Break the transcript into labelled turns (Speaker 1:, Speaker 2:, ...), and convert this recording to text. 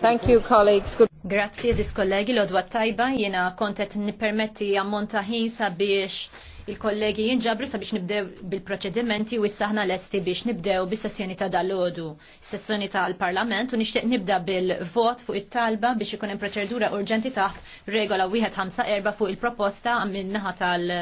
Speaker 1: Thank
Speaker 2: you, colleagues. Good Grazie, ziz kollegi, l-odwa tajba, jena kontet nipermetti ammonta ħin sabiex il-kollegi jinġabru sabiex nibdew bil-proċedimenti u s-saħna l-esti biex nibdew bis-sessjoni ta' dal-ħodu, sessjoni ta' dal odu sessjoni ta l parlament u nishtiq nibda bil-vot fuq it-talba biex ikunem proċedura urġenti taħt regola 154 fuq il-proposta minnaħa tal-